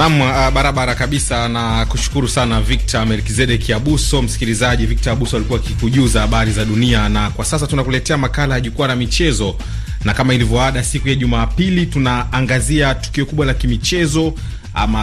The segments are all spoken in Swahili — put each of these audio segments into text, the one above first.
Naam, uh, barabara kabisa na kushukuru sana Victor Melkizedek Abuso. Msikilizaji, Victor Abuso alikuwa akikujuza habari za dunia, na kwa sasa tunakuletea makala ya jukwaa la michezo, na kama ilivyoada siku ya Jumapili tunaangazia tukio kubwa la kimichezo ama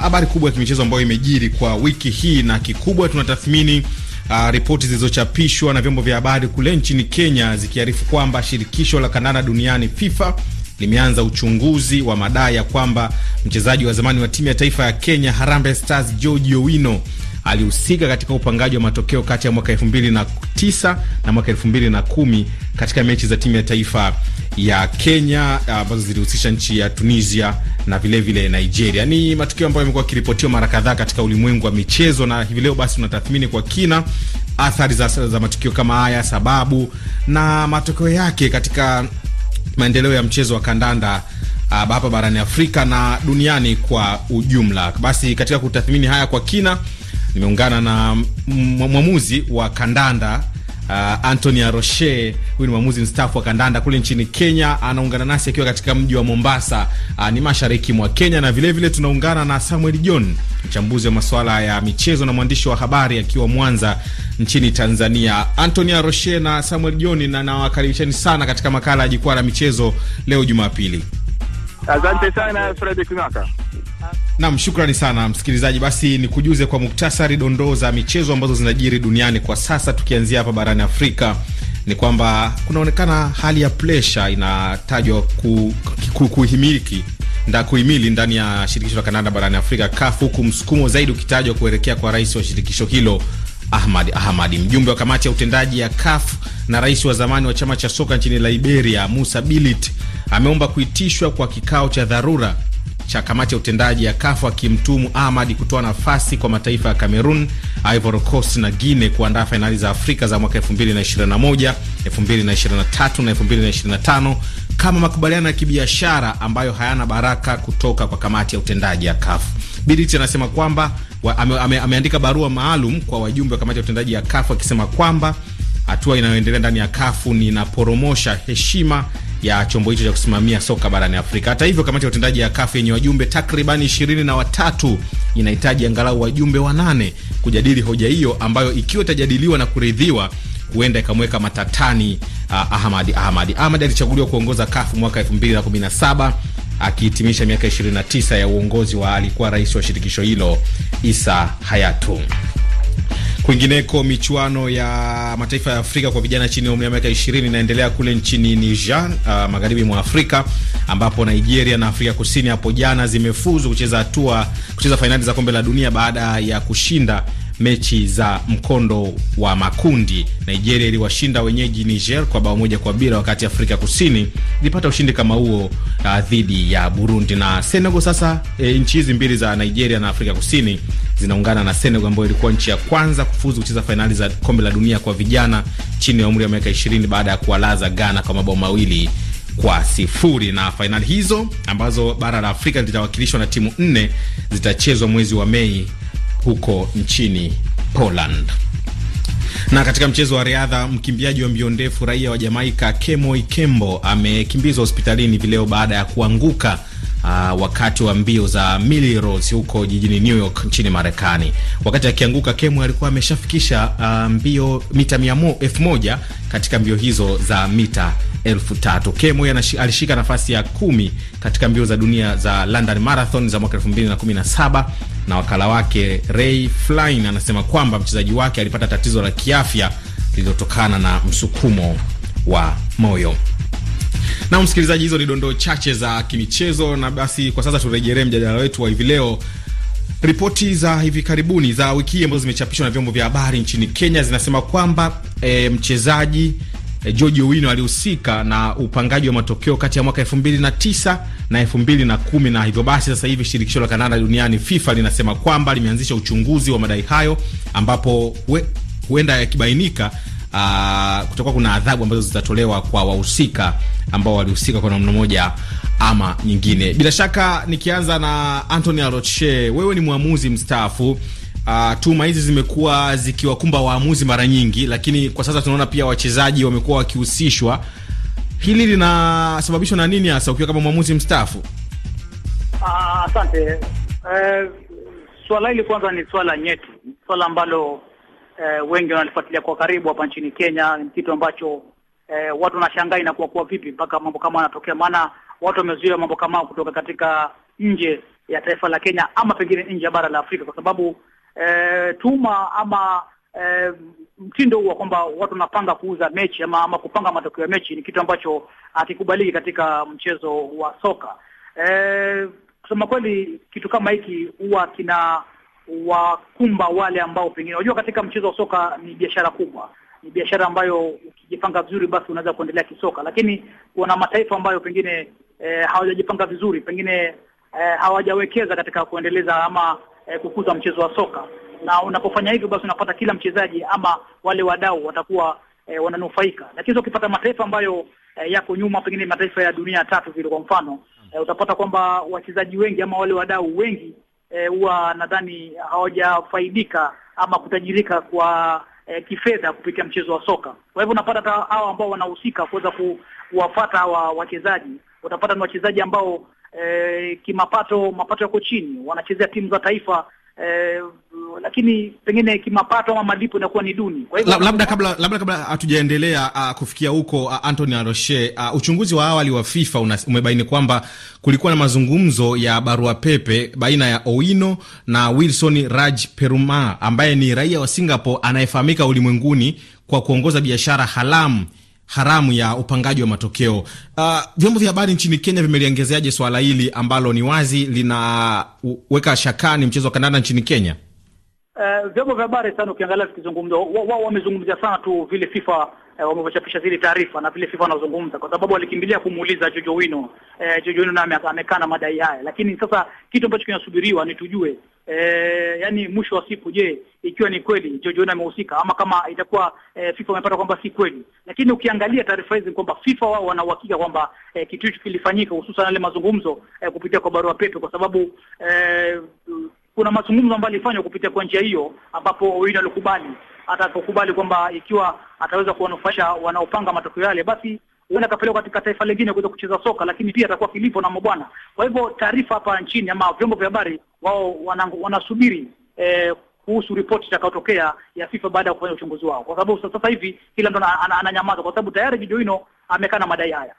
habari kubwa ya kimichezo ambayo imejiri kwa wiki hii, na kikubwa tunatathmini uh, ripoti zilizochapishwa na vyombo vya habari kule nchini Kenya zikiarifu kwamba shirikisho la kandanda duniani FIFA limeanza uchunguzi wa madai ya kwamba mchezaji wa zamani wa timu ya taifa ya Kenya Harambee Stars George Owino alihusika katika upangaji wa matokeo kati ya mwaka 2009 na mwaka 2010 katika mechi za timu ya taifa ya Kenya ambazo zilihusisha nchi ya Tunisia na vilevile vile Nigeria. Ni matukio ambayo yamekuwa kiripotiwa mara kadhaa katika ulimwengu wa michezo, na hivi leo basi tunatathmini kwa kina athari za, za matukio kama haya, sababu na matokeo yake katika maendeleo ya mchezo wa kandanda ah, hapa barani Afrika na duniani kwa ujumla. Basi katika kutathmini haya kwa kina, nimeungana na mwamuzi wa kandanda Uh, Anthony Aroshe. huyu ni mwamuzi mstaafu wa kandanda kule nchini Kenya, anaungana nasi akiwa katika mji wa Mombasa. Uh, ni mashariki mwa Kenya, na vile vile tunaungana na Samuel John, mchambuzi wa masuala ya michezo na mwandishi wa habari akiwa Mwanza nchini Tanzania. Anthony Aroshe na Samuel John, na nawakaribisheni sana katika makala ya jukwaa la michezo leo Jumapili. Asante sana Fred Kunaka. Nam, shukrani sana msikilizaji. Basi ni kujuze kwa muktasari dondoo za michezo ambazo zinajiri duniani kwa sasa, tukianzia hapa barani Afrika ni kwamba kunaonekana hali ya presha inatajwa kuhimiliki nda kuhimili ndani ya shirikisho la Kanada barani Afrika CAF, huku msukumo zaidi ukitajwa kuelekea kwa rais wa shirikisho hilo Ahmad Ahmadi. Mjumbe wa kamati ya utendaji ya CAF na rais wa zamani wa chama cha soka nchini Liberia Musa Bilit ameomba kuitishwa kwa kikao cha dharura cha kamati ya utendaji ya kafu akimtumu Ahmad kutoa nafasi kwa mataifa ya Cameroon, Ivory Coast na Guinea kuandaa fainali za Afrika za mwaka 2021, 2023 na 2025 kama makubaliano ya kibiashara ambayo hayana baraka kutoka kwa kamati ya utendaji ya kafu. Biditi anasema kwamba ame, ame, ameandika barua maalum kwa wajumbe wa kamati ya utendaji ya kafu akisema kwamba hatua inayoendelea ndani ya kafu ni inaporomosha heshima ya chombo hicho cha kusimamia soka barani Afrika. Hata hivyo, kamati ya utendaji ya CAF yenye wajumbe takribani ishirini na watatu inahitaji angalau wajumbe wanane kujadili hoja hiyo ambayo ikiwa itajadiliwa na kuridhiwa huenda ikamweka matatani uh, ahmad ahmad alichaguliwa kuongoza kafu mwaka 2017 akihitimisha miaka 29 ya uongozi wa alikuwa rais wa shirikisho hilo Isa Hayatu. Kwingineko, michuano ya mataifa ya Afrika kwa vijana chini ya umri wa miaka 20 inaendelea kule nchini Niger, uh, magharibi mwa Afrika, ambapo Nigeria na Afrika Kusini hapo jana zimefuzu kucheza hatua kucheza fainali za kombe la dunia baada ya kushinda mechi za mkondo wa makundi. Nigeria iliwashinda wenyeji Niger kwa bao moja kwa bila, wakati Afrika Kusini ilipata ushindi kama huo uh, dhidi ya Burundi na Senegal. Sasa e, nchi hizi mbili za Nigeria na Afrika Kusini zinaungana na Senegal ambayo ilikuwa nchi ya kwanza kufuzu kucheza fainali za kombe la dunia kwa vijana chini ya umri wa miaka 20 baada ya kuwalaza Ghana kwa mabao mawili kwa sifuri. Na fainali hizo ambazo bara la Afrika litawakilishwa na timu nne zitachezwa mwezi wa Mei huko nchini Poland. Na katika mchezo wa riadha, mkimbiaji wa mbio ndefu raia wa Jamaika kemoi kembo amekimbizwa hospitalini vileo baada ya kuanguka uh, wakati wa mbio za Rose huko jijini New York nchini Marekani. Wakati akianguka, Kemwe alikuwa ameshafikisha uh, mbio mita mia mo, elfu moja katika mbio hizo za mita elfu tatu. Kemwe alishika nafasi ya kumi katika mbio za dunia za London Marathon za mwaka elfu mbili na kumi na saba na wakala wake Ray Flynn anasema kwamba mchezaji wake alipata tatizo la kiafya lililotokana na msukumo wa moyo. Na msikilizaji, hizo ni dondoo chache za kimichezo, na basi kwa sasa turejelee mjadala wetu wa hivi leo. Ripoti za hivi karibuni za wiki hii ambazo zimechapishwa na vyombo vya habari nchini Kenya zinasema kwamba e, mchezaji e, George Owino alihusika na upangaji wa matokeo kati ya mwaka 2009 na 2010 na hivyo basi sasa hivi shirikisho la kandanda duniani FIFA linasema kwamba limeanzisha uchunguzi wa madai hayo ambapo we, huenda yakibainika uh, kutakuwa kuna adhabu ambazo zitatolewa kwa wahusika ambao walihusika kwa namna moja ama nyingine. Bila shaka nikianza na Anthony Aroche, wewe ni mwamuzi mstaafu. Uh, tuma hizi zimekuwa zikiwakumba waamuzi mara nyingi, lakini kwa sasa tunaona pia wachezaji wamekuwa wakihusishwa. Hili linasababishwa na nini hasa, ukiwa kama mwamuzi mstaafu? Ah, asante. Uh, uh, swala hili kwanza ni swala nyeti, swala ambalo eh, wengi wanalifuatilia kwa karibu hapa nchini Kenya. Ni kitu ambacho eh, watu wanashangaa inakuwa kuwa vipi mpaka mambo kama yanatokea, maana watu wamezuia mambo kama kutoka katika nje ya taifa la Kenya ama pengine nje ya bara la Afrika kwa sababu eh, tuma ama eh, mtindo huu wa kwamba watu wanapanga kuuza mechi ama, ama kupanga matokeo ya mechi ni kitu ambacho hakikubaliki katika mchezo wa soka. Eh, kusema kweli kitu kama hiki huwa kina wakumba wale ambao pengine, unajua katika mchezo wa soka ni biashara kubwa, ni biashara ambayo ukijipanga vizuri, basi unaweza kuendelea kisoka, lakini kuna mataifa ambayo pengine e, hawajajipanga vizuri, pengine e, hawajawekeza katika kuendeleza ama e, kukuza mchezo wa soka, na unapofanya hivyo, basi unapata kila mchezaji ama wale wadau watakuwa e, wananufaika. Lakini ukipata mataifa ambayo e, yako nyuma, pengine mataifa ya dunia tatu vile, kwa mfano e, utapata kwamba wachezaji wengi ama wale wadau wengi Eh, huwa e, nadhani hawajafaidika ama kutajirika kwa e, kifedha kupitia mchezo wa soka. Kwa hivyo unapata hata hawa ambao wanahusika kuweza kuwafata hawa wachezaji, utapata ni wachezaji ambao e, kimapato mapato yako chini, wanachezea timu za taifa eh, lakini pengine kimapato ama malipo inakuwa ni duni. Kwa hivyo labda kabla labda kabla hatujaendelea uh, kufikia huko uh, Anthony Aroshe, uh, uchunguzi wa awali wa FIFA una, umebaini kwamba kulikuwa na mazungumzo ya barua pepe baina ya Owino na Wilson Raj Peruma ambaye ni raia wa Singapore anayefahamika ulimwenguni kwa kuongoza biashara haramu haramu ya upangaji wa matokeo. Uh, vyombo vya habari nchini Kenya vimeliongezeaje swala hili ambalo ni wazi linaweka shakani mchezo wa kandanda nchini Kenya? Uh, vyombo vya habari sana ukiangalia vikizungumza, wao wamezungumzia wa, wa sana tu vile FIFA eh, uh, wamevyochapisha zile taarifa na vile FIFA wanazungumza, kwa sababu walikimbilia kumuuliza Jojo Wino eh, Jojo Wino naye amekana madai haya, lakini sasa kitu ambacho kinasubiriwa ni tujue e, yani mwisho wa siku, je, ikiwa ni kweli George amehusika ama kama itakuwa e, FIFA wamepata kwamba si kweli. Lakini ukiangalia taarifa hizi kwamba FIFA wao wana uhakika kwamba e, kitu hicho kilifanyika, hususan yale mazungumzo e, kupitia kwa barua pepe, kwa sababu e, kuna mazungumzo ambayo alifanywa kupitia kwa njia hiyo, ambapo Owino alikubali atakubali kwamba ikiwa ataweza kuwanufaisha wanaopanga matokeo yale basi huenda akapelekwa katika taifa lingine kuweza kucheza soka, lakini pia atakuwa kilipo na mabwana. Kwa hivyo taarifa hapa nchini ama vyombo vya habari wao wanasubiri eh, kuhusu ripoti itakayotokea ya FIFA baada ya kufanya uchunguzi wao, kwa sababu sasa hivi kila mtu ananyamaza, kwa sababu tayari Gideon Ino amekaa na madai haya.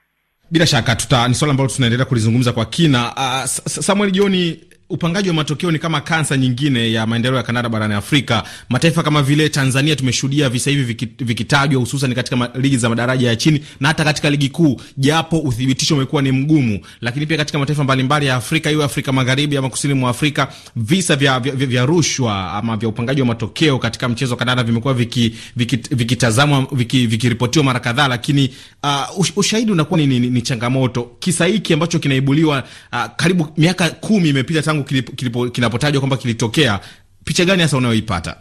Bila shaka tuta, ni swala ambalo tunaendelea kulizungumza kwa kina. Uh, Samuel jioni upangaji wa matokeo ni kama kansa nyingine ya maendeleo ya Kanada barani Afrika. Mataifa kama vile Tanzania tumeshuhudia visa hivi vikitajwa, hususan katika ligi za madaraja ya chini na hata katika ligi kuu, japo uthibitisho umekuwa ni mgumu. Lakini pia katika mataifa mbalimbali ya Afrika, iwe Afrika Magharibi ama kusini mwa Afrika, visa vya, vya, vya vya rushwa ama vya upangaji wa matokeo katika mchezo wa Kanada vimekuwa vikitazamwa viki, viki vikiripotiwa viki mara kadhaa, lakini uh, ushahidi unakuwa ni, ni, ni changamoto. Kisa hiki ambacho kinaibuliwa uh, karibu miaka kumi imepita tangu kinapotajwa kwamba kilitokea, picha gani hasa unayoipata?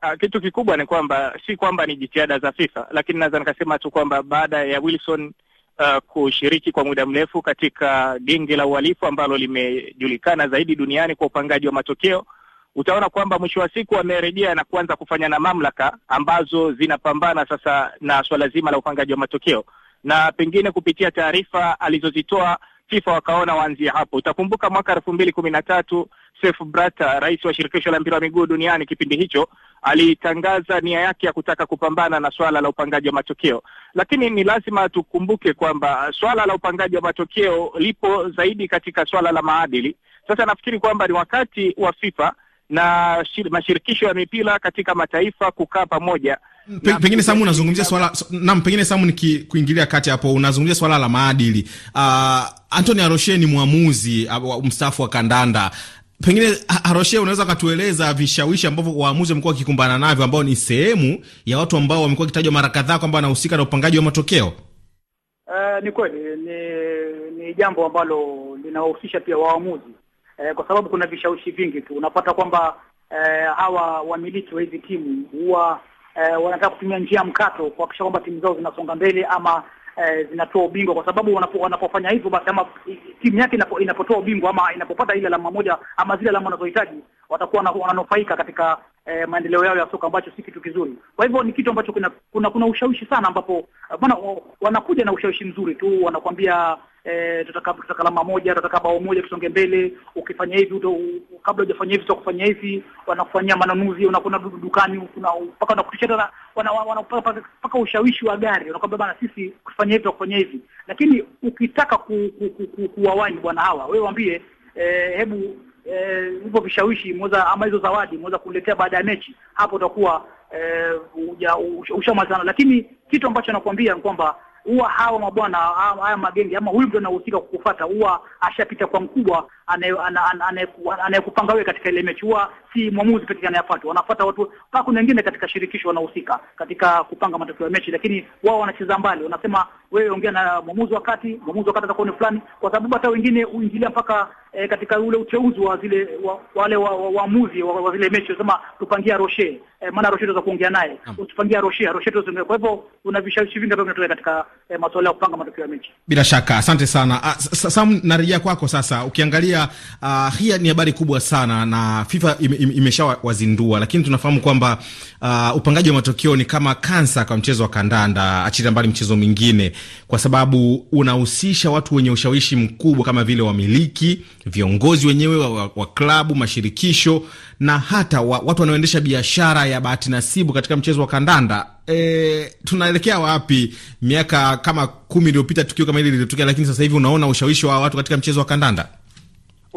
Ah, kitu kikubwa ni kwamba si kwamba ni jitihada za FIFA, lakini naweza nikasema tu kwamba baada ya Wilson uh, kushiriki kwa muda mrefu katika genge la uhalifu ambalo limejulikana zaidi duniani kwa upangaji wa matokeo, utaona kwamba mwisho wa siku amerejea na kuanza kufanya na mamlaka ambazo zinapambana sasa na swala zima la upangaji wa matokeo, na pengine kupitia taarifa alizozitoa FIFA wakaona waanzie hapo. Utakumbuka mwaka elfu mbili kumi na tatu Sepp Blatter, rais wa shirikisho la mpira wa miguu duniani kipindi hicho, alitangaza nia yake ya kutaka kupambana na swala la upangaji wa matokeo, lakini ni lazima tukumbuke kwamba swala la upangaji wa matokeo lipo zaidi katika swala la maadili. Sasa nafikiri kwamba ni wakati wa FIFA na shir, mashirikisho ya mipira katika mataifa kukaa pamoja. Mm, pe, pengine Samu unazungumzia swala naam, pengine Samu nikikuingilia kati hapo, unazungumzia swala la maadili. Uh, Anthony Aroshe ni mwamuzi uh, mstaafu wa kandanda Pengine Aroshe, unaweza ukatueleza vishawishi ambavyo waamuzi wamekuwa wakikumbana navyo, ambao ni sehemu ya watu ambao wamekuwa wakitajwa mara kadhaa kwamba wanahusika na upangaji wa matokeo? Uh, ni kweli ni, ni jambo ambalo linawahusisha pia waamuzi eh, kwa sababu kuna vishawishi vingi tu. Unapata kwamba eh, hawa wamiliki wa hizi timu huwa eh, wanataka kutumia njia mkato kuhakikisha kwamba timu zao zinasonga mbele ama eh, zinatoa ubingwa, kwa sababu wanapo, wanapofanya hivyo basi ama timu yake inapo, inapotoa ubingwa ama inapopata ile alama moja ama zile alama wanazohitaji watakuwa wananufaika katika eh, maendeleo yao ya soka ambacho si kitu kizuri. Kwa hivyo ni kitu ambacho kuna kuna, kuna ushawishi sana, ambapo eh, bwana wanakuja na ushawishi mzuri tu, wanakuambia E, eh, tutaka tutaka alama moja, tutaka bao moja, tusonge mbele, ukifanya hivi uto, kabla hujafanya hivi tutakufanya hivi, wanakufanyia manunuzi, unakwenda dukani, kuna mpaka wanakutisha tena, wana, wana, mpaka ushawishi wa gari, wanakwambia bwana, sisi kufanya hivi tutakufanyia hivi. Lakini ukitaka ku, ku, ku, ku, kuwawanyi bwana hawa, wewe waambie eh, hebu hivyo eh, e, vishawishi mweza ama hizo zawadi mweza kuletea baada ya mechi, hapo utakuwa e, eh, ushamalizana. Lakini kitu ambacho nakwambia ni kwamba huwa hawa mabwana haya magenge ama huyu mtu anahusika kukufata, huwa ashapita kwa mkubwa anayekupanga wewe katika ile mechi. Huwa si mwamuzi pekee anayefuata, wanafuata watu mpaka kuna wengine katika shirikisho wanahusika katika kupanga matokeo ya mechi, lakini wao wanacheza mbali, wanasema wewe ongea na mwamuzi wa kati, mwamuzi wa kati atakuwa ni fulani, kwa sababu hata wengine huingilia mpaka e, katika ule uteuzi wa zile wa, wale waamuzi wa, wa, wa, wa zile mechi sema tupangia Roshe e, eh, maana Roshe tunaweza kuongea naye mm. Roshe Roshe Roche tunaweza. Kwa hivyo kuna vishawishi vingi ambavyo vinatokea katika e, masuala ya kupanga matokeo ya mechi. Bila shaka, asante sana. Ah, Sam, narejea kwako sasa. Ukiangalia uh, hii ni habari kubwa sana na FIFA imeshawazindua ime, ime lakini tunafahamu kwamba uh, upangaji wa matokeo ni kama kansa kwa mchezo wa kandanda, achilia mbali mchezo mingine kwa sababu unahusisha watu wenye ushawishi mkubwa kama vile wamiliki, viongozi wenyewe wa, wa, wa klabu, mashirikisho na hata wa, watu wanaoendesha biashara ya bahati nasibu katika mchezo wa kandanda. E, tunaelekea wapi? Miaka kama kumi iliyopita tukio kama hili lilitokea, lakini sasa hivi unaona ushawishi wa watu katika mchezo wa kandanda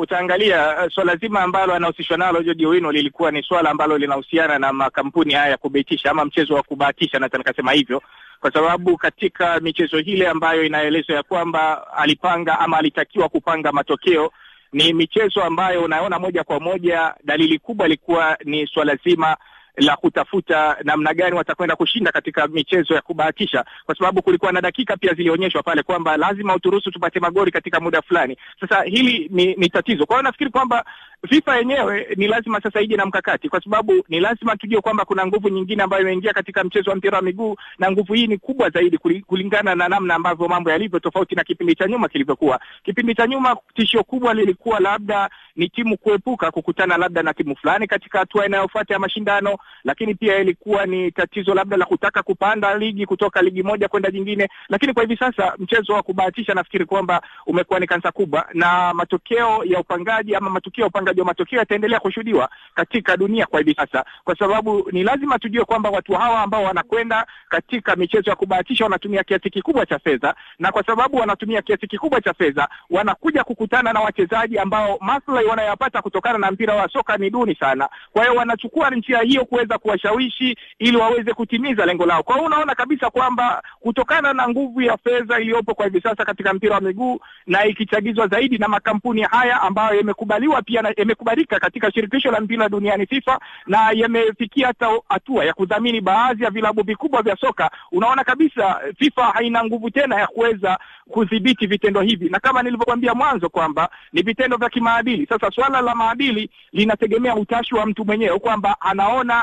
utaangalia uh, swala zima ambalo anahusishwa nalo George Owino lilikuwa ni swala ambalo linahusiana na makampuni haya ya kubetisha ama mchezo wa kubahatisha, naweza nikasema hivyo, kwa sababu katika michezo hile ambayo inaelezwa ya kwamba alipanga ama alitakiwa kupanga matokeo ni michezo ambayo unaona moja kwa moja dalili kubwa ilikuwa ni swala zima la kutafuta namna gani watakwenda kushinda katika michezo ya kubahatisha, kwa sababu kulikuwa na dakika pia zilionyeshwa pale kwamba lazima uturuhusu tupate magoli katika muda fulani. Sasa hili ni, ni tatizo. Kwa hiyo nafikiri kwamba FIFA yenyewe ni lazima sasa ije na mkakati, kwa sababu ni lazima tujue kwamba kuna nguvu nyingine ambayo imeingia katika mchezo wa mpira wa miguu, na nguvu hii ni kubwa zaidi kulingana na namna ambavyo mambo yalivyo, tofauti na kipindi cha nyuma kilivyokuwa. Kipindi cha nyuma tishio kubwa lilikuwa labda ni timu kuepuka kukutana labda na timu fulani katika hatua inayofuata ya mashindano lakini pia ilikuwa ni tatizo labda la kutaka kupanda ligi kutoka ligi moja kwenda jingine, lakini kwa hivi sasa mchezo wa kubahatisha nafikiri kwamba umekuwa ni kansa kubwa, na matokeo ya upangaji ama matukio ya upangaji wa matokeo yataendelea kushuhudiwa katika dunia kwa hivi sasa, kwa sababu ni lazima tujue kwamba watu hawa ambao wanakwenda katika michezo ya kubahatisha wanatumia kiasi kikubwa cha fedha, na kwa sababu wanatumia kiasi kikubwa cha fedha wanakuja kukutana na wachezaji ambao maslahi wanayoyapata kutokana na mpira wa soka ni duni sana. Kwa hiyo wanachukua njia hiyo kuweza kuwashawishi ili waweze kutimiza lengo lao. Kwa hiyo unaona kabisa kwamba kutokana na nguvu ya fedha iliyopo kwa hivi sasa katika mpira wa miguu na ikichagizwa zaidi na makampuni haya ambayo yamekubaliwa pia na yamekubalika katika shirikisho la mpira duniani FIFA, na yamefikia hata hatua ya kudhamini baadhi ya vilabu vikubwa vya soka, unaona kabisa FIFA haina nguvu tena ya kuweza kudhibiti vitendo hivi, na kama nilivyokuambia mwanzo kwamba ni vitendo vya kimaadili. Sasa swala la maadili linategemea utashi wa mtu mwenyewe kwamba anaona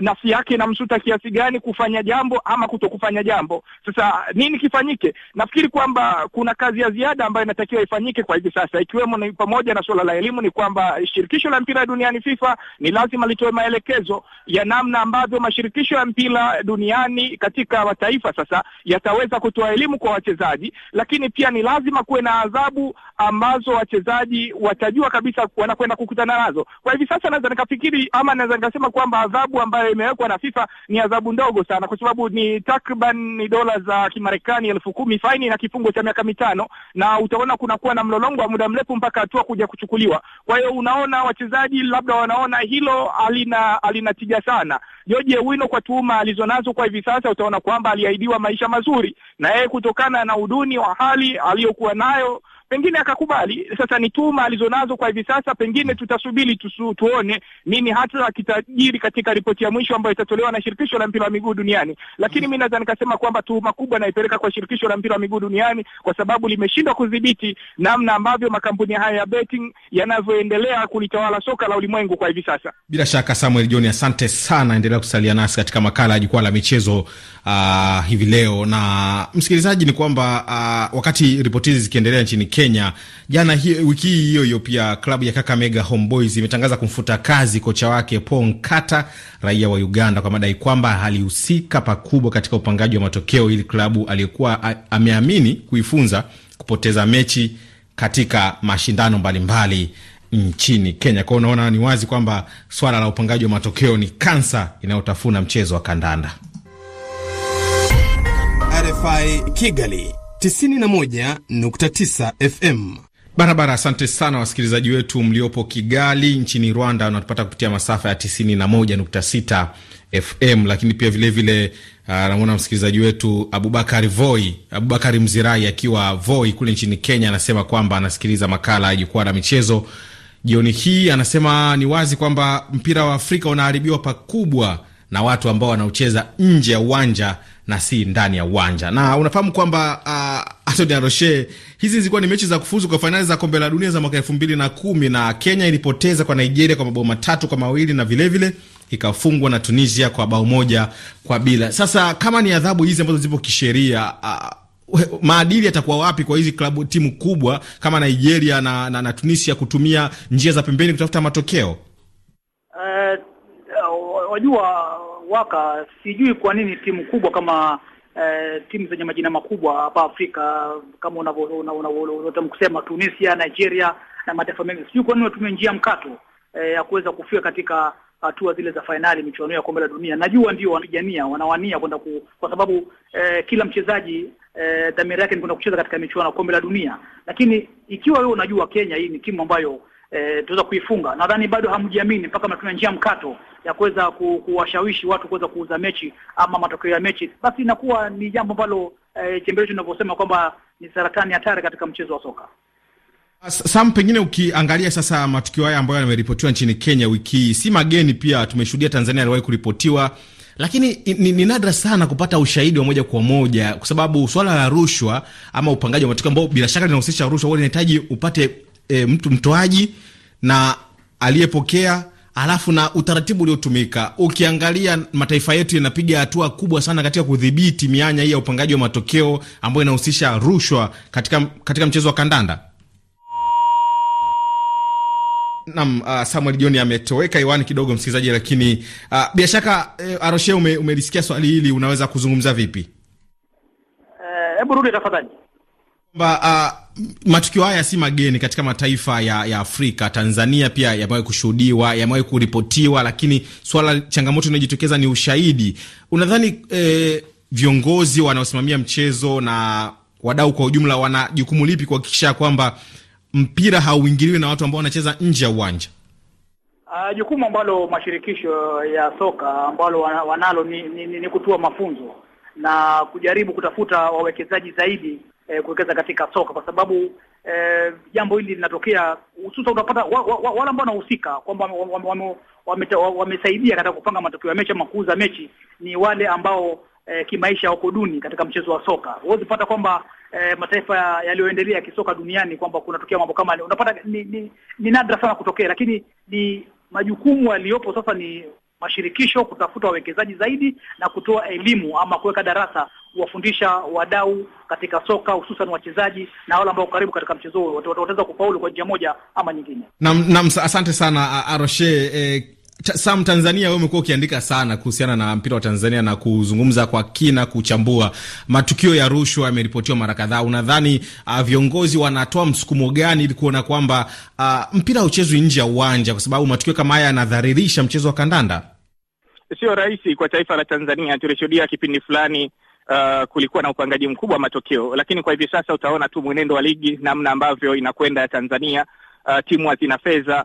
nafsi yake inamsuta kiasi gani kufanya jambo ama kutokufanya jambo. Sasa nini kifanyike? Nafikiri kwamba kuna kazi ya ziada ambayo inatakiwa ifanyike kwa hivi sasa, ikiwemo ni pamoja na suala la elimu. Ni kwamba shirikisho la mpira duniani FIFA ni lazima litoe maelekezo ya namna ambavyo mashirikisho ya mpira duniani katika mataifa sasa yataweza kutoa elimu kwa wachezaji, lakini pia ni lazima kuwe na adhabu ambazo wachezaji watajua kabisa wanakwenda kukutana nazo. Kwa hivi sasa naweza nikafikiri ama naweza nikasema kwamba adhabu ambayo ambayo imewekwa na FIFA ni adhabu ndogo sana, kwa sababu ni takriban ni dola za Kimarekani elfu kumi faini na kifungo cha miaka mitano, na utaona kunakuwa na mlolongo wa muda mrefu mpaka hatua kuja kuchukuliwa. Kwa hiyo unaona wachezaji labda wanaona hilo alina alina tija sana. George Wino kwa tuhuma alizonazo kwa hivi sasa, utaona kwamba aliahidiwa maisha mazuri, na yeye kutokana na uduni wa hali aliyokuwa nayo pengine akakubali. Sasa ni tuma alizonazo kwa hivi sasa, pengine tutasubiri tusu, tuone nini hata akitajiri katika ripoti ya mwisho ambayo itatolewa na shirikisho la mpira wa miguu duniani. Lakini mimi naweza nikasema kwamba tuma kubwa naipeleka kwa shirikisho la mpira wa miguu duniani kwa sababu limeshindwa kudhibiti namna ambavyo makampuni haya ya betting yanavyoendelea kulitawala soka la ulimwengu kwa hivi sasa. Bila shaka, Samuel John, asante sana, endelea kusalia nasi katika makala ya jukwaa la michezo uh, hivi leo. Na msikilizaji, ni kwamba uh, wakati ripoti hizi zikiendelea nchini Kenya. Jana wiki hii hiyo hiyo pia klabu ya Kakamega Homeboys imetangaza kumfuta kazi kocha wake Paul Nkata, raia wa Uganda, kwa madai kwamba alihusika pakubwa katika upangaji wa matokeo ili klabu aliyokuwa ameamini kuifunza kupoteza mechi katika mashindano mbalimbali mbali nchini Kenya. Kwao unaona ni wazi kwamba swala la upangaji wa matokeo ni kansa inayotafuna mchezo wa kandanda. RFI Kigali 91.9 FM barabara. Asante sana wasikilizaji wetu mliopo Kigali nchini Rwanda, unatupata kupitia masafa ya 91.6 FM, lakini pia vilevile anamwona uh, msikilizaji wetu Abubakari Voi, Abubakari Mzirai akiwa Voi kule nchini Kenya, anasema kwamba anasikiliza makala ya jukwaa la michezo jioni hii. Anasema ni wazi kwamba mpira wa Afrika unaharibiwa pakubwa na watu ambao wanaocheza nje ya uwanja na si ndani ya uwanja. Na unafahamu kwamba uh, Anthony Aroshe, hizi zilikuwa ni mechi za kufuzu kwa fainali za kombe la dunia za mwaka elfu mbili na kumi na Kenya ilipoteza kwa Nigeria kwa mabao matatu kwa mawili na vilevile vile ikafungwa na Tunisia kwa bao moja kwa bila. Sasa kama ni adhabu hizi ambazo zipo kisheria uh, maadili yatakuwa wapi kwa hizi klabu timu kubwa kama Nigeria na, na, na Tunisia kutumia njia za pembeni kutafuta matokeo? Eh, wajua waka, sijui kwa nini timu kubwa kama eh, timu zenye majina makubwa hapa Afrika kama unavyotamu kusema Tunisia, Nigeria na mataifa mengi, sijui kwa nini watumie njia mkato eh, ya kuweza kufika katika hatua zile za fainali michuano ya kombe la dunia. Najua ndio wanapigania, wanawania kwenda ku, kwa sababu eh, kila mchezaji eh, dhamira yake ni kwenda kucheza katika michuano ya kombe la dunia, lakini ikiwa wewe unajua Kenya hii ni timu ambayo e, eh, tuweza kuifunga. Nadhani bado hamjiamini mpaka mnatumia njia mkato ya kuweza kuwashawishi watu kuweza kuuza mechi ama matokeo ya mechi, basi inakuwa ni jambo ambalo e, eh, chembelecho inavyosema kwamba ni saratani hatari katika mchezo wa soka. Sam, pengine ukiangalia sasa matukio haya ambayo yameripotiwa nchini Kenya wiki hii, si mageni pia, tumeshuhudia Tanzania aliwahi kuripotiwa, lakini ni, ni nadra sana kupata ushahidi wa moja kwa moja, kwa sababu swala la rushwa ama upangaji wa matukio ambao bila shaka linahusisha rushwa, huwa linahitaji upate e, mtu mtoaji na aliyepokea alafu na utaratibu uliotumika. Ukiangalia mataifa yetu yanapiga hatua kubwa sana katika kudhibiti mianya hii ya upangaji wa matokeo ambayo inahusisha rushwa katika, katika mchezo wa kandanda. Nam uh, Samuel Joni ametoweka iwani kidogo, msikilizaji, lakini uh, bila shaka uh, Aroshe, umelisikia ume swali hili, unaweza kuzungumza vipi? Eh, hebu rudi tafadhali kwamba uh, matukio haya si mageni katika mataifa ya, ya Afrika. Tanzania pia yamewahi kushuhudiwa, yamewahi kuripotiwa, lakini swala changamoto inayojitokeza ni ushahidi. Unadhani eh, viongozi wanaosimamia mchezo na wadau kwa ujumla wana jukumu lipi kuhakikisha kwamba mpira hauingiliwi na watu ambao wanacheza nje ya uwanja? Uh, jukumu ambalo mashirikisho ya soka ambalo wanalo ni, ni, ni, ni kutoa mafunzo na kujaribu kutafuta wawekezaji zaidi eh, kuwekeza katika soka kwa sababu eh, jambo hili linatokea hususan, utapata wale ambao wanahusika kwamba wamesaidia katika kupanga matokeo ya mechi ama kuuza mechi ni wale ambao eh, kimaisha wako duni katika mchezo wa soka. Huwezi pata kwamba eh, mataifa yaliyoendelea kisoka duniani kwamba kunatokea mambo kama unapata, ni, ni, ni nadra sana kutokea, lakini ni majukumu yaliyopo sasa ni mashirikisho kutafuta wawekezaji zaidi na kutoa elimu ama kuweka darasa kuwafundisha wadau katika soka hususan wachezaji na wale ambao karibu katika mchezo huo wataweza kufaulu kwa njia moja ama nyingine. Nam, naam, asante sana Aroshe. Eh, Sam Tanzania, wewe umekuwa ukiandika sana kuhusiana na mpira wa Tanzania na kuzungumza kwa kina, kuchambua matukio ya rushwa yameripotiwa mara kadhaa. Unadhani uh, viongozi wanatoa msukumo gani ili kuona kwamba uh, mpira hauchezwi nje ya uwanja, kwa sababu matukio kama haya yanadharirisha mchezo wa kandanda? Sio rahisi kwa taifa la Tanzania. Tulishuhudia kipindi fulani uh, kulikuwa na upangaji mkubwa wa matokeo, lakini kwa hivi sasa utaona tu mwenendo wa ligi namna ambavyo inakwenda ya Tanzania. Uh, timu hazina fedha,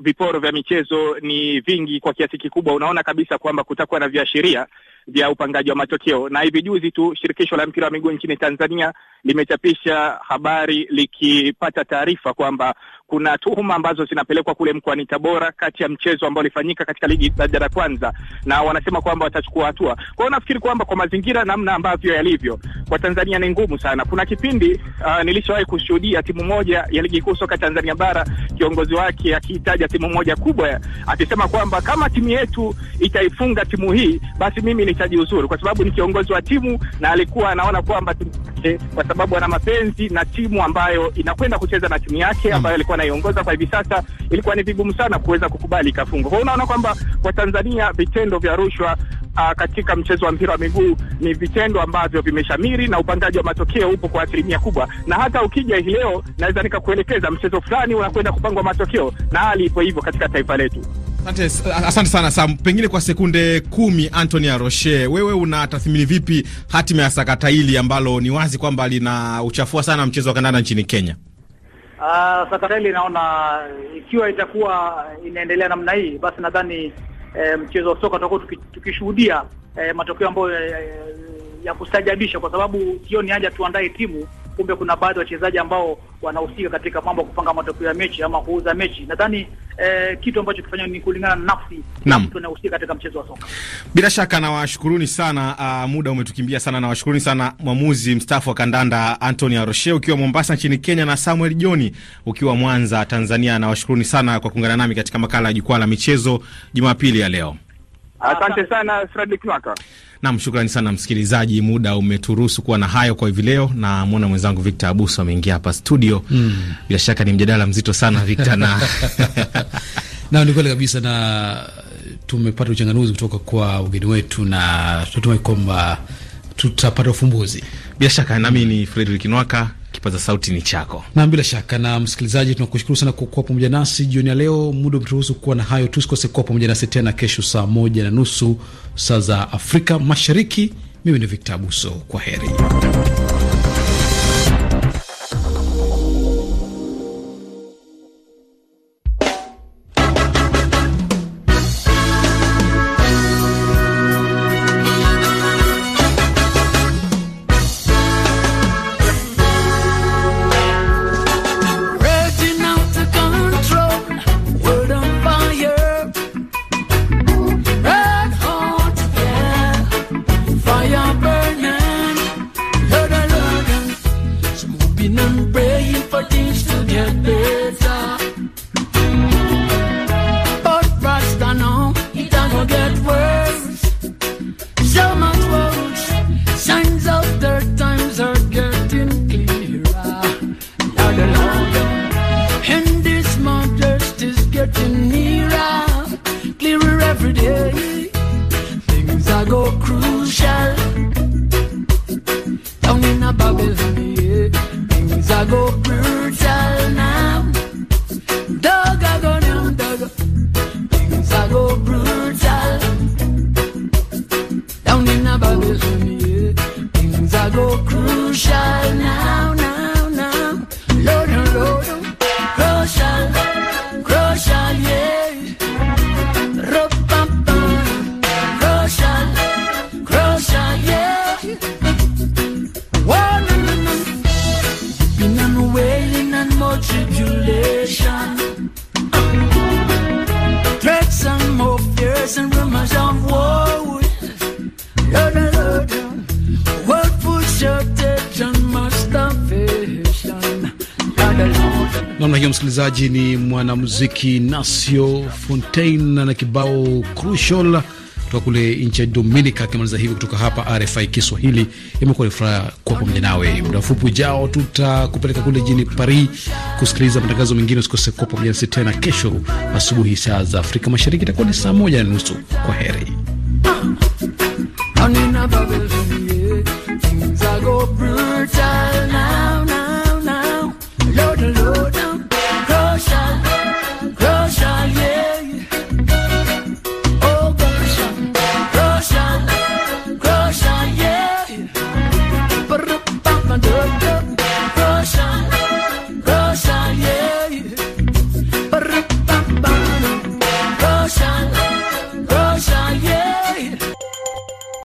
viporo vya michezo ni vingi kwa kiasi kikubwa. Unaona kabisa kwamba kutakuwa na viashiria vya upangaji wa matokeo, na hivi juzi tu shirikisho la mpira wa miguu nchini Tanzania limechapisha habari likipata taarifa kwamba kuna tuhuma ambazo zinapelekwa kule mkoani Tabora kati ya mchezo ambao ulifanyika katika ligi daraja la kwanza, na wanasema kwamba watachukua hatua. Kwa hiyo nafikiri kwamba kwa mazingira namna ambavyo yalivyo kwa Tanzania ni ngumu sana. Kuna kipindi uh, nilishawahi kushuhudia timu moja ya ligi kuu soka Tanzania bara kiongozi wake akiitaja timu moja kubwa akisema kwamba kama timu yetu itaifunga timu hii, basi mimi nitajiuzuru, kwa sababu ni kiongozi wa timu na alikuwa anaona kwamba timu yake, kwa sababu ana mapenzi na timu ambayo inakwenda kucheza na timu yake hmm. ambayo alikuwa anaiongoza. Kwa hivi sasa ilikuwa ni vigumu sana kuweza kukubali ikafungwa. Kwa hiyo unaona kwamba kwa Tanzania vitendo vya rushwa Uh, katika mchezo wa mpira wa miguu ni vitendo ambavyo vimeshamiri na upangaji wa matokeo upo kwa asilimia kubwa, na hata ukija hii leo naweza nikakuelekeza mchezo fulani unakwenda kupangwa matokeo, na hali ipo hivyo katika taifa letu. Asante sana Sam, pengine kwa sekunde kumi, Antony Aroshe, wewe unatathmini vipi hatima ya sakata hili ambalo ni wazi kwamba linauchafua sana mchezo wa kandanda nchini Kenya? Uh, sakata hili naona ikiwa itakuwa inaendelea namna hii, basi nadhani eh, mchezo wa soka tutakuwa tukishuhudia eh, matokeo ambayo eh, ya kustajabisha, kwa sababu ni haja tuandae timu kumbe kuna baadhi ya wachezaji ambao wanahusika katika mambo ya kupanga matokeo ya mechi ama kuuza mechi. Nadhani Eh, kitu ambacho kifanywa ni kulingana na nafsi ya mtu anahusika katika mchezo wa soka. Bila shaka nawashukuruni sana. Uh, muda umetukimbia sana. Nawashukuruni sana mwamuzi mstaafu wa kandanda Anthony Aroshe ukiwa Mombasa nchini Kenya na Samuel Joni ukiwa Mwanza Tanzania. Nawashukuruni sana kwa kuungana nami katika makala ya jukwaa la michezo Jumapili ya leo. Asante sana Fredrick Nwaka. Nam, shukrani sana msikilizaji, muda umeturuhusu kuwa na hayo kwa hivi leo. Na mwona mwenzangu Victor Abuso ameingia hapa studio mm. Bila shaka ni mjadala mzito sana Victor na na ni kweli kabisa, na tumepata uchanganuzi kutoka kwa ugeni wetu, na tunatumai kwamba tutapata ufumbuzi bila shaka. Nami ni Fredrik Nwaka kipaza sauti ni chako. na bila shaka. Na msikilizaji, tunakushukuru sana kwa kuwa pamoja nasi jioni ya leo. Muda umeturuhusu kuwa na hayo tu. kuwa pamoja nasi tena kesho saa moja na nusu saa za Afrika Mashariki. Mimi ni Victor Abuso, kwa heri. msikiti ni mwanamuziki Nasio Fontaine na kibao Crucial kutoka kule nchi ya Dominica. Akimaliza hivi kutoka hapa RFI Kiswahili, imekuwa ni furaha kuwa pamoja nawe. Muda mfupi ujao, tutakupeleka kule jijini Paris kusikiliza matangazo mengine. Usikose kuwa pamoja nasi tena kesho asubuhi, saa za Afrika Mashariki itakuwa ni saa moja na nusu. Kwa heri.